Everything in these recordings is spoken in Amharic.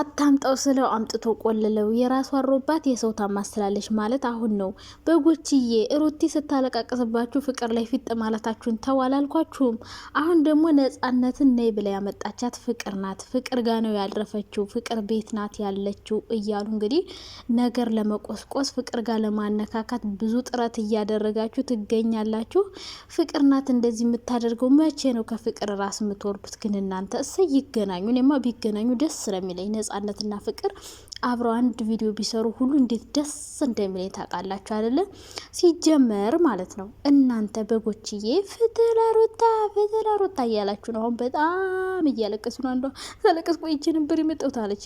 አታምጣው ስለው አምጥቶ ቆልለው የራሱ አሮባት የሰው ታማስላለች ማለት አሁን ነው። በጎችዬ ሩቲ ስታለቃቅስባችሁ ፍቅር ላይ ፊጥ ማለታችሁን ተው አላልኳችሁም? አሁን ደግሞ ነጻነትን ነይ ብላ ያመጣቻት ፍቅር ናት። ፍቅር ጋ ነው ያልረፈችው፣ ፍቅር ቤት ናት ያለችው እያሉ እንግዲህ ነገር ለመቆስቆስ ፍቅር ጋር ለማነካካት ብዙ ጥረት እያደረጋችሁ ትገኛላችሁ። ፍቅር ናት እንደዚህ የምታደርገው። መቼ ነው ከፍቅር ራስ የምትወርዱት ግን እናንተ? እሰይ ይገናኙ። እኔማ ቢገናኙ ደስ ስለሚለኝ ነጻነትና ፍቅር አብረው አንድ ቪዲዮ ቢሰሩ ሁሉ እንዴት ደስ እንደሚል ታውቃላችሁ አይደለ? ሲጀመር ማለት ነው። እናንተ በጎችዬ ፍትህ ለሩታ ፍትህ ለሩታ እያላችሁ ነው። አሁን በጣም እያለቀሱ ነው። አንዷ ሳለቀስ ቆይቼ ነበር የመጣሁት አለች።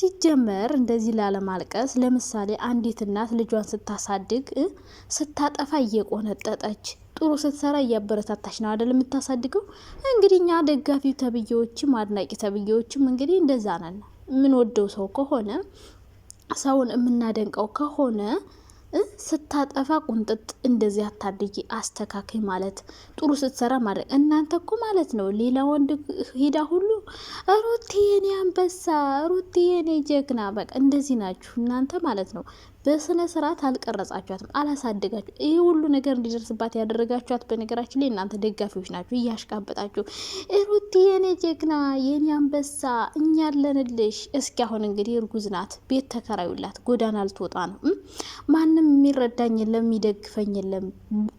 ሲጀመር እንደዚህ ላለማልቀስ፣ ለምሳሌ አንዲት እናት ልጇን ስታሳድግ ስታጠፋ እየቆነጠጠች ጥሩ ስትሰራ እያበረታታች ነው አደል የምታሳድገው። እንግዲህ እኛ ደጋፊ ተብዬዎችም አድናቂ ተብዬዎችም እንግዲህ እንደዛ ነን። የምንወደው ሰው ከሆነ ሰውን የምናደንቀው ከሆነ ስታጠፋ ቁንጥጥ እንደዚህ አታድጊ፣ አስተካከይ ማለት ጥሩ ስትሰራ ማድረግ። እናንተ እኮ ማለት ነው ሌላ ወንድ ሄዳ ሁሉ ሩቲ የኔ አንበሳ፣ ሩቲ የኔ ጀግና፣ በቃ እንደዚህ ናችሁ እናንተ ማለት ነው። በስነ ስርዓት አልቀረጻችኋትም፣ አላሳደጋችሁ። ይህ ሁሉ ነገር እንዲደርስባት ያደረጋችኋት በነገራችን ላይ እናንተ ደጋፊዎች ናችሁ፣ እያሽቃበጣችሁ ሩቲ የኔ ጀግና የኔ አንበሳ እኛ አለንልሽ። እስኪ አሁን እንግዲህ እርጉዝ ናት፣ ቤት ተከራዩላት፣ ጎዳና ልትወጣ ነው፣ ማንም የሚረዳኝ የለም የሚደግፈኝ የለም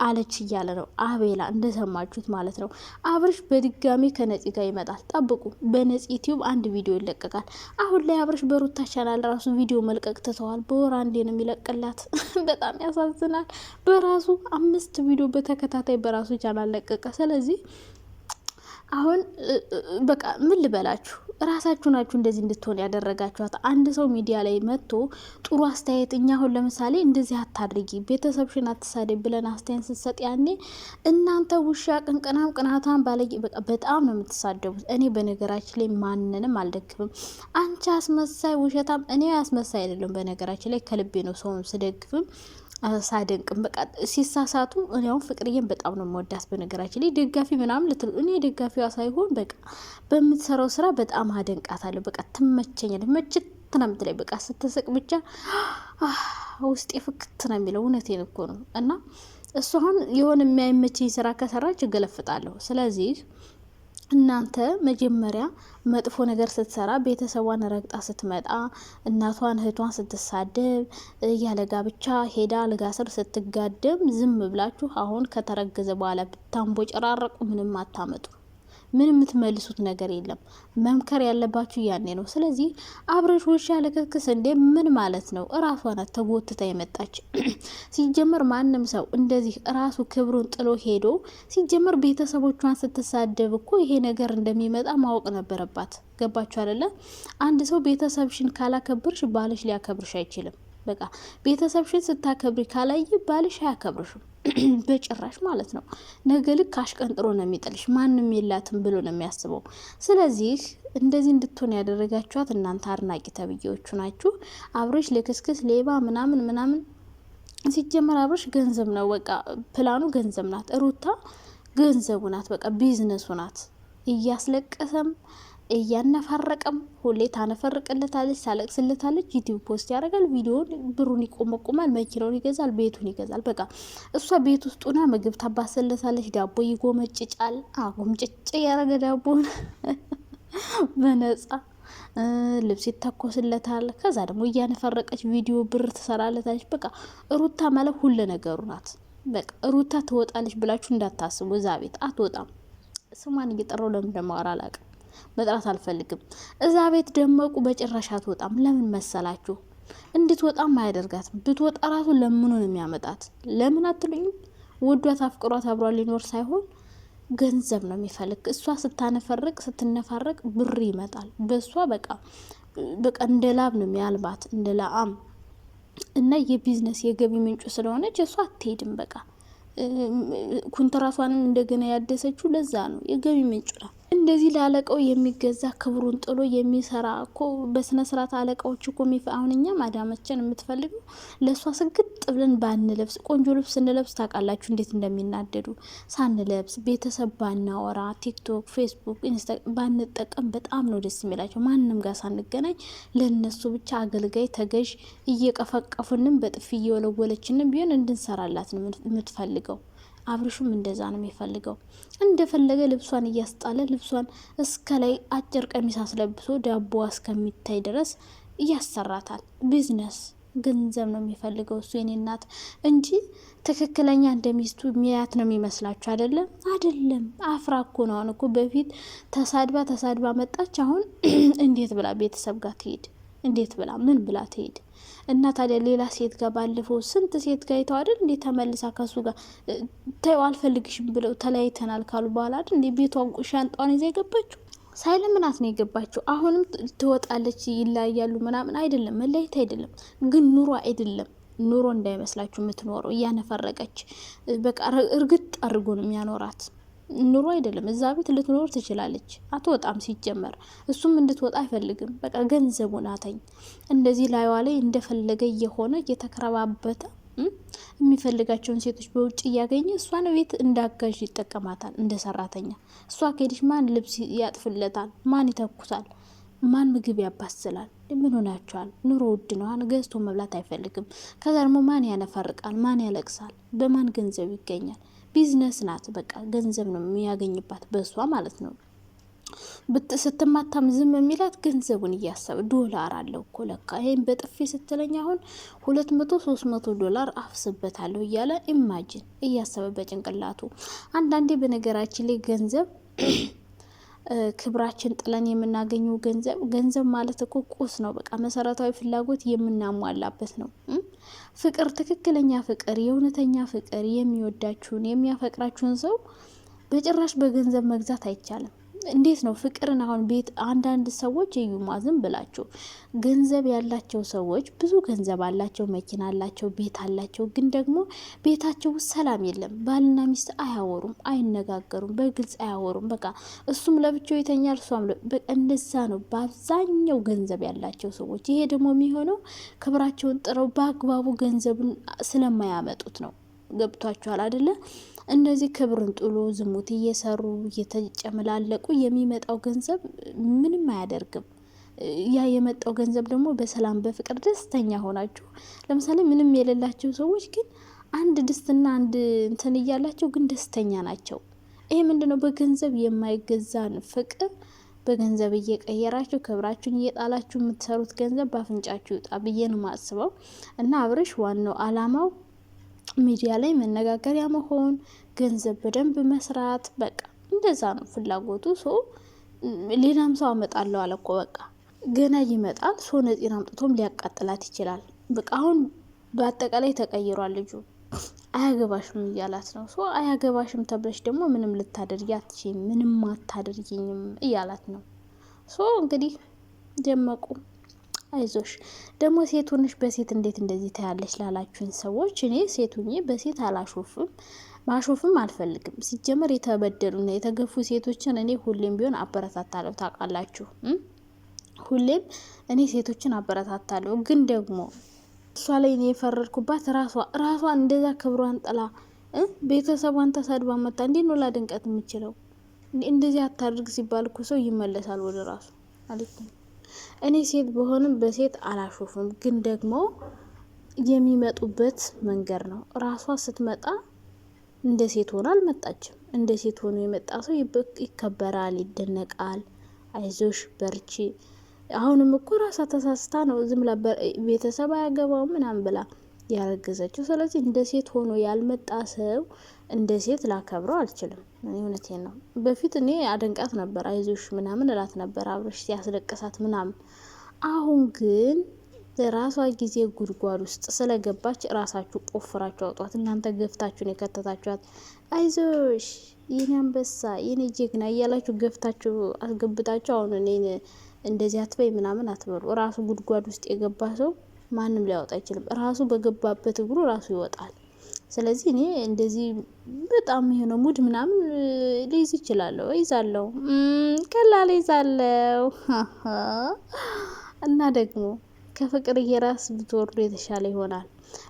አለች እያለ ነው አቤላ፣ እንደሰማችሁት ማለት ነው። አብርሽ በድጋሚ ከነፂ ጋር ይመጣል፣ ጠብቁ። በነፂ ዩቲዩብ አንድ ቪዲዮ ይለቀቃል። አሁን ላይ አብርሽ በሩታ ቻናል ራሱ ቪዲዮ መልቀቅ ትተዋል። በወር አንዴ ነው የሚለቅላት። በጣም ያሳዝናል። በራሱ አምስት ቪዲዮ በተከታታይ በራሱ ቻናል ለቀቀ። ስለዚህ አሁን በቃ ምን ልበላችሁ ራሳችሁ ናችሁ እንደዚህ እንድትሆን ያደረጋችኋት። አንድ ሰው ሚዲያ ላይ መጥቶ ጥሩ አስተያየት እኛ አሁን ለምሳሌ እንደዚህ አታድርጊ፣ ቤተሰብሽን አትሳደብ ብለን አስተያየት ስትሰጥ ያኔ እናንተ ውሻ ቅንቅናም ቅናታን ባለጌ በጣም ነው የምትሳደቡት። እኔ በነገራችን ላይ ማንንም አልደግፍም። አንቺ አስመሳይ ውሸታም፣ እኔ አስመሳይ አይደለም። በነገራችን ላይ ከልቤ ነው ሰውን ስደግፍም ሳደንቅም በቃ ሲሳሳቱ እኔውም ፍቅርዬን በጣም ነው መወዳት። በነገራችን ላይ ደጋፊ ምናምን ልትል እኔ ደጋፊዋ ሳይሆን በቃ በምትሰራው ስራ በጣም በጣም አደንቃታለሁ። በቃ ትመቸኛለች። መችት ነው የምትለኝ። በቃ ስትስቅ ብቻ ውስጤ ፍክት ነው የሚለው። እውነቴን እኮ ነው። እና እሱ አሁን የሆነ የሚያይመችኝ ስራ ከሰራች እገለፍጣለሁ። ስለዚህ እናንተ መጀመሪያ መጥፎ ነገር ስትሰራ ቤተሰቧን ረግጣ ስትመጣ እናቷን እህቷን ስትሳደብ ያለ ጋብቻ ሄዳ አልጋ ስር ስትጋደም ዝም ብላችሁ አሁን ከተረገዘ በኋላ ብታንቦ ጨራረቁ ምንም አታመጡ። ምን የምትመልሱት ነገር የለም። መምከር ያለባችሁ ያኔ ነው። ስለዚህ አብረሽ ውሻ ልክክስ እንዴ ምን ማለት ነው? እራሷ ናት ተጎትታ የመጣች። ሲጀመር ማንም ሰው እንደዚህ ራሱ ክብሩን ጥሎ ሄዶ ሲጀመር ቤተሰቦቿን ስትሳደብ እኮ ይሄ ነገር እንደሚመጣ ማወቅ ነበረባት። ገባችሁ አይደለ? አንድ ሰው ቤተሰብሽን ካላከብርሽ ባልሽ ሊያከብርሽ አይችልም። በቃ ቤተሰብሽን ስታከብሪ ካላየ ባልሽ አያከብርሽም በጭራሽ ማለት ነው። ነገ ልክ አሽቀንጥሮ ነው የሚጥልሽ። ማንም የላትም ብሎ ነው የሚያስበው። ስለዚህ እንደዚህ እንድትሆን ያደረጋችኋት እናንተ አድናቂ ተብዬዎቹ ናችሁ። አብሮች ልክስክስ፣ ሌባ ምናምን ምናምን። ሲጀመር አብሮች ገንዘብ ነው በቃ ፕላኑ ገንዘብ ናት። ሩታ ገንዘቡ ናት። በቃ ቢዝነሱ ናት እያስለቀሰም እያነፈረቀም ሁሌ ታነፈርቅለታለች፣ ታለቅስለታለች። ዩቲዩብ ፖስት ያደርጋል ቪዲዮን፣ ብሩን ይቆመቁማል፣ መኪናውን ይገዛል፣ ቤቱን ይገዛል። በቃ እሷ ቤት ውስጥ ሆና ምግብ ታባሰለታለች፣ ዳቦ ይጎመጭጫል። አጎምጭጭ ያደረገ ዳቦን በነጻ ልብስ ይተኮስለታል። ከዛ ደግሞ እያነፈረቀች ቪዲዮ ብር ትሰራለታለች። በቃ ሩታ ማለት ሁለ ነገሩ ናት። በቃ ሩታ ትወጣለች ብላችሁ እንዳታስቡ፣ እዛ ቤት አትወጣም። ስሟን እየጠራው ለምን ደማራ አላውቅም። መጥራት አልፈልግም። እዛ ቤት ደመቁ በጭራሽ አትወጣም። ለምን መሰላችሁ? እንድትወጣም አያደርጋትም። ብትወጣ ራሱ ለምኑ ነው የሚያመጣት? ለምን አትሉኝም? ወዷት አፍቅሯት አብሯ ሊኖር ሳይሆን ገንዘብ ነው የሚፈልግ። እሷ ስታነፈርቅ ስትነፋረቅ ብር ይመጣል። በእሷ በቃ በቃ እንደ ነው የሚያልባት እንደ እና የቢዝነስ የገቢ ምንጩ ስለሆነች እሷ አትሄድም። በቃ ኩንትራቷንም እንደገና ያደሰችው ለዛ ነው የገቢ ምንጩ ነው። እንደዚህ ለአለቃው የሚገዛ ክብሩን ጥሎ የሚሰራ እኮ በስነ ስርዓት አለቃዎች እኮ ሚፍ አሁን እኛ ማዳመችን የምትፈልጉ ለእሷ ስግጥ ብለን ባንለብስ ቆንጆ ልብስ ስንለብስ ታውቃላችሁ እንዴት እንደሚናደዱ ሳንለብስ ቤተሰብ ባናወራ ቲክቶክ፣ ፌስቡክ፣ ኢንስታ ባንጠቀም በጣም ነው ደስ የሚላቸው። ማንም ጋር ሳንገናኝ ለእነሱ ብቻ አገልጋይ ተገዥ እየቀፈቀፉንም በጥፊ እየወለወለችንም ቢሆን እንድንሰራላት ነው የምትፈልገው። አብርሹም እንደዛ ነው የሚፈልገው። እንደፈለገ ልብሷን እያስጣለ ልብሷን እስከ ላይ አጭር ቀሚስ አስለብሶ ዳቦዋ እስከሚታይ ድረስ እያሰራታል። ቢዝነስ ገንዘብ ነው የሚፈልገው እሱ የኔ እናት እንጂ ትክክለኛ እንደሚስቱ ሚያት ነው የሚመስላችሁ አይደለም? አይደለም። አፍራ እኮ ነው። አሁን እኮ በፊት ተሳድባ ተሳድባ መጣች። አሁን እንዴት ብላ ቤተሰብ ጋር ትሄድ? እንዴት ብላ ምን ብላ ትሄድ እና ታዲያ ሌላ ሴት ጋር ባለፈው ስንት ሴት ጋር የተዋደን እንዴ ተመልሳ ከሱ ጋር ተይው አልፈልግሽም ብለው ተለያይተናል ካሉ በኋላ አይደል እንዴ ቤቷን ሻንጣዋን ይዛ የገባችው ሳይለምናት ነው የገባችው። አሁንም ትወጣለች፣ ይለያያሉ ምናምን አይደለም መለየት አይደለም ግን ኑሮ አይደለም ኑሮ እንዳይመስላችሁ የምትኖረው እያነፈረቀች በቃ እርግጥ አድርጎ ነው የሚያኖራት። ኑሮ አይደለም። እዛ ቤት ልትኖር ትችላለች፣ አትወጣም። ሲጀመር እሱም እንድትወጣ አይፈልግም። በቃ ገንዘቡን አተኝ እንደዚህ ላይዋ ላይ እንደፈለገ እየሆነ እየተከረባበተ የሚፈልጋቸውን ሴቶች በውጭ እያገኘ እሷን ቤት እንዳጋዥ ይጠቀማታል፣ እንደ ሰራተኛ። እሷ ከሄደች ማን ልብስ ያጥፍለታል? ማን ይተኩሳል? ማን ምግብ ያባስላል? ምን ሆናቸዋል? ኑሮ ውድ ነው። ገዝቶ መብላት አይፈልግም። ከዛ ደግሞ ማን ያነፈርቃል? ማን ያለቅሳል? በማን ገንዘብ ይገኛል? ቢዝነስ ናት። በቃ ገንዘብ ነው የሚያገኝባት በእሷ ማለት ነው። ስትማታም ዝም የሚላት ገንዘቡን እያሰበ ዶላር አለው እኮ ለካ ይህም በጥፌ ስትለኝ አሁን ሁለት መቶ ሶስት መቶ ዶላር አፍስበታለሁ እያለ ኢማጅን እያሰበ በጭንቅላቱ አንዳንዴ በነገራችን ላይ ገንዘብ ክብራችን ጥለን የምናገኘው ገንዘብ ገንዘብ ማለት እኮ ቁስ ነው። በቃ መሰረታዊ ፍላጎት የምናሟላበት ነው። ፍቅር፣ ትክክለኛ ፍቅር፣ የእውነተኛ ፍቅር፣ የሚወዳችሁን የሚያፈቅራችሁን ሰው በጭራሽ በገንዘብ መግዛት አይቻልም። እንዴት ነው ፍቅርን አሁን ቤት አንዳንድ ሰዎች እዩ ማዝም ብላችሁ ገንዘብ ያላቸው ሰዎች ብዙ ገንዘብ አላቸው፣ መኪና አላቸው፣ ቤት አላቸው። ግን ደግሞ ቤታቸው ውስጥ ሰላም የለም። ባልና ሚስት አያወሩም፣ አይነጋገሩም፣ በግልጽ አያወሩም። በቃ እሱም ለብቻው የተኛ እርሷም እንደዛ ነው በአብዛኛው ገንዘብ ያላቸው ሰዎች። ይሄ ደግሞ የሚሆነው ክብራቸውን ጥረው በአግባቡ ገንዘብን ስለማያመጡት ነው። ገብቷችኋል አደለ? እንደዚህ ክብርን ጥሎ ዝሙት እየሰሩ እየተጨመላለቁ የሚመጣው ገንዘብ ምንም አያደርግም። ያ የመጣው ገንዘብ ደግሞ በሰላም በፍቅር ደስተኛ ሆናችሁ ለምሳሌ ምንም የሌላቸው ሰዎች ግን አንድ ድስትና አንድ እንትን እያላቸው ግን ደስተኛ ናቸው። ይሄ ምንድነው? በገንዘብ የማይገዛን ፍቅር በገንዘብ እየቀየራችሁ ክብራችሁን እየጣላችሁ የምትሰሩት ገንዘብ በአፍንጫችሁ ይውጣ ብዬ ነው ማስበው እና አብርሽ ዋናው አላማው ሚዲያ ላይ መነጋገሪያ መሆን፣ ገንዘብ በደንብ መስራት፣ በቃ እንደዛ ነው ፍላጎቱ። ሶ ሌላም ሰው አመጣለሁ አለኮ በቃ ገና ይመጣል። ሶ ነፂን አምጥቶም ሊያቃጥላት ይችላል። በቃ አሁን በአጠቃላይ ተቀይሯል ልጁ አያገባሽም እያላት ነው። ሶ አያገባሽም ተብለሽ ደግሞ ምንም ልታደርጊ አትችይም፣ ምንም አታደርጊኝም እያላት ነው። ሶ እንግዲህ ደመቁ አይዞሽ ደግሞ ሴቱንሽ በሴት እንዴት እንደዚህ ታያለች ላላችሁኝ ሰዎች እኔ ሴቱ በሴት አላሾፍም ማሾፍም አልፈልግም። ሲጀመር የተበደሉና የተገፉ ሴቶችን እኔ ሁሌም ቢሆን አበረታታለሁ። ታውቃላችሁ፣ ሁሌም እኔ ሴቶችን አበረታታለሁ። ግን ደግሞ እሷ ላይ እኔ የፈረድኩባት ራሷ ራሷ እንደዛ ክብሯን ጥላ ቤተሰቧን ተሳድባ መጣ። እንዴት ነው ላድንቀት የምችለው? እንደዚህ አታድርግ ሲባል እኮ ሰው ይመለሳል ወደ ራሱ። አለይኩም እኔ ሴት ብሆንም በሴት አላሾፍም ግን ደግሞ የሚመጡበት መንገድ ነው። ራሷ ስትመጣ እንደ ሴት ሆና አልመጣችም። እንደ ሴት ሆኖ የመጣ ሰው ይከበራል፣ ይደነቃል። አይዞሽ በርቺ። አሁንም እኮ ራሷ ተሳስታ ነው ዝምላ ቤተሰብ አያገባው ምናምን ብላ ያረገዘችው። ስለዚህ እንደ ሴት ሆኖ ያልመጣ ሰው እንደ ሴት ላከብረው አልችልም። እውነቴን ነው። በፊት እኔ አደንቃት ነበር፣ አይዞሽ ምናምን እላት ነበር፣ አብረሽ ሲያስለቅሳት ምናምን። አሁን ግን ራሷ ጊዜ ጉድጓድ ውስጥ ስለገባች ራሳችሁ ቆፍራችሁ አውጧት። እናንተ ገፍታችሁን የከተታችኋት። አይዞሽ የኔ አንበሳ የኔ ጀግና እያላችሁ ገፍታችሁ አስገብታችሁ አሁን እኔን እንደዚህ አትበይ ምናምን አትበሉ። ራሱ ጉድጓድ ውስጥ የገባ ሰው ማንም ሊያወጣ አይችልም። ራሱ በገባበት እግሩ ራሱ ይወጣል። ስለዚህ እኔ እንደዚህ በጣም የሆነ ሙድ ምናምን ልይዝ ይችላለሁ፣ ይዛለሁ፣ ቀላል ይዛለሁ። እና ደግሞ ከፍቅርዬ ራስ ብትወርዱ የተሻለ ይሆናል።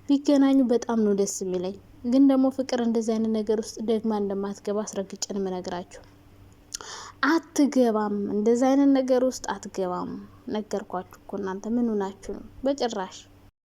ቢገናኙ በጣም ነው ደስ የሚለኝ። ግን ደግሞ ፍቅር እንደዚህ አይነት ነገር ውስጥ ደግማ እንደማትገባ አስረግጬ ነው የምነግራችሁ። አትገባም፣ እንደዚ አይነት ነገር ውስጥ አትገባም። ነገርኳችሁ እኮ እናንተ ምን ሆናችሁ ነው በጭራሽ